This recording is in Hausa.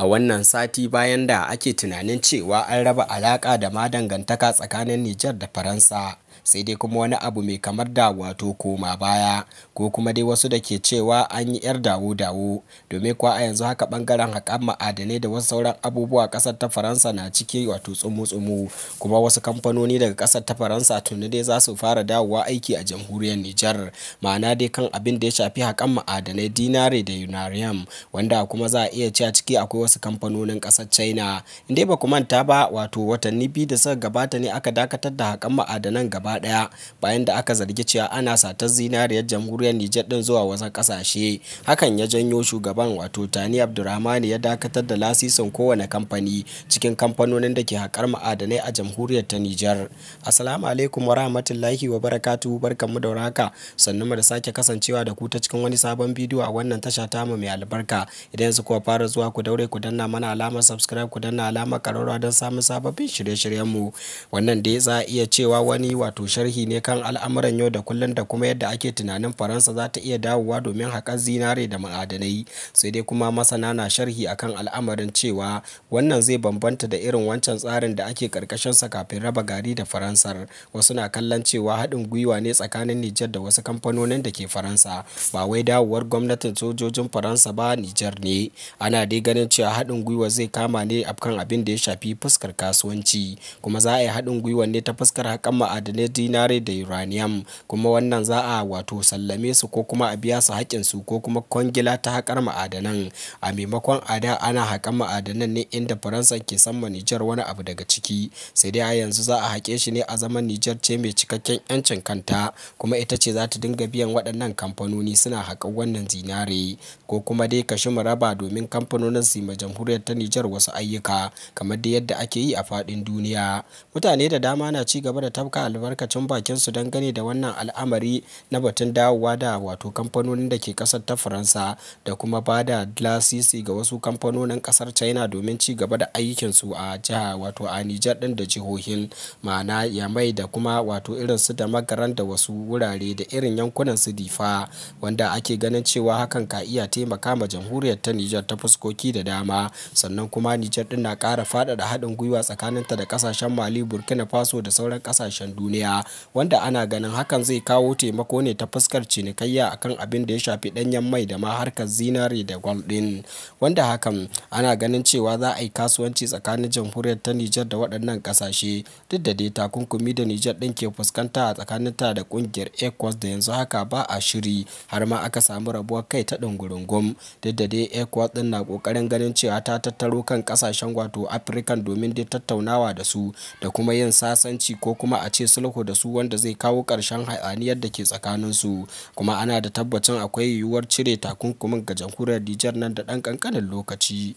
a wannan sati bayan da ake tunanin cewa an raba alaƙa da ma dangantaka tsakanin Nijar da Faransa. sai dai kuma wani abu mai kamar da wato koma baya ko kuma dai wasu da ke cewa an yi 'yar dawo-dawo domin kuwa a yanzu haka bangaren haƙan ma'adanai da wasu sauran abubuwa ƙasar ta faransa na ciki wato tsumu-tsumu kuma wasu kamfanoni daga ƙasar ta faransa tuni dai za su fara dawowa aiki a jamhuriyar nijar ma'ana dai kan abin da ya shafi haƙan ma'adanai dinare da unarium wanda kuma za a iya cewa ciki akwai wasu kamfanonin ƙasar china inda ba ku manta ba wato watanni biyu da suka gabata ne aka dakatar da haƙan ma'adanan gaba gaba daya bayan da aka zargi cewa ana satar zinariyar jamhuriyar Nijar din zuwa wasu kasashe hakan ya janyo shugaban wato Tani abdurrahman ya dakatar da lasisin kowane kamfani cikin kamfanonin da ke haƙar ma'adanai a jamhuriyar ta Nijar assalamu alaikum wa rahmatullahi wa barakatu barkanmu da warhaka sannu mu da sake kasancewa da ku ta cikin wani sabon bidiyo a wannan tasha tamu mai albarka idan yanzu kuwa fara zuwa ku daure ku danna mana alamar subscribe ku danna alamar karora don samun sababbin shirye-shiryenmu wannan dai za a iya cewa wani wato wato sharhi ne kan al'amuran yau da kullum da kuma yadda ake tunanin Faransa za ta iya dawowa domin haƙar zinare da ma'adanai. Sai dai kuma masana na sharhi akan al'amarin cewa wannan zai bambanta da irin wancan tsarin da ake sa kafin raba gari da Faransar. Wasu na kallon cewa haɗin gwiwa ne tsakanin Nijar da wasu kamfanonin da ke Faransa. Ba wai dawowar gwamnatin sojojin Faransa ba Nijar ne. Ana dai ganin cewa haɗin gwiwa zai kama ne akan abin da ya shafi fuskar kasuwanci. Kuma za a yi haɗin gwiwa ne ta fuskar haƙan ma'adanai dinare da uranium kuma wannan za a wato sallame su ko kuma a biya su haƙƙin su ko kuma kwangila ta haƙar ma'adanan a maimakon ada ana haƙar ma'adanan ne inda faransa ke san Nijar wani abu daga ciki sai dai a yanzu za a haƙe shi ne a zaman Nijar ce mai cikakken 'yancin kanta kuma ita ce za ta dinga biyan waɗannan kamfanoni suna haƙar wannan zinare ko kuma dai kashi raba domin kamfanonin su ma jamhuriyar ta Nijar wasu ayyuka kamar da yadda ake yi a faɗin duniya mutane da dama na ci gaba da tafka albarka albarkacin bakinsu dangane da wannan al'amari na batun dawowa da wato kamfanonin da ke kasar ta faransa da kuma ba da lasisi ga wasu kamfanonin kasar china domin ci gaba da aikinsu a jiha wato a nijar din da jihohin ma'ana yamai da kuma wato irin su da magaran da wasu wurare da irin yankunan su difa wanda ake ganin cewa hakan ka iya taimaka ma jamhuriyar ta nijar ta fuskoki da dama sannan kuma nijar din na kara faɗaɗa haɗin gwiwa tsakaninta da kasashen mali burkina faso da sauran kasashen duniya daya wanda ana ganin hakan zai kawo taimako ne ta fuskar cinikayya akan abin da ya shafi danyen mai da ma harkar zinare da gwal din wanda hakan ana ganin cewa za a yi kasuwanci tsakanin jamhuriyar ta Nijar da waɗannan ƙasashe duk da dai takunkumi da Nijar ɗin ke fuskanta a tsakanin ta da kungiyar ECOWAS da yanzu haka ba a shiri har ma aka samu rabuwar kai ta ɗungurungum duk da dai ECOWAS din na kokarin ganin cewa ta tattaro kan kasashen wato Afirkan domin dai tattaunawa da su da kuma yin sasanci ko kuma a ce sulhu sulhu da su wanda zai kawo ƙarshen hayaniyar da ke tsakanin su kuma ana da tabbacin akwai yiwuwar cire takunkumin ga jamhuriyar Nijar nan da ɗan ƙanƙanin lokaci.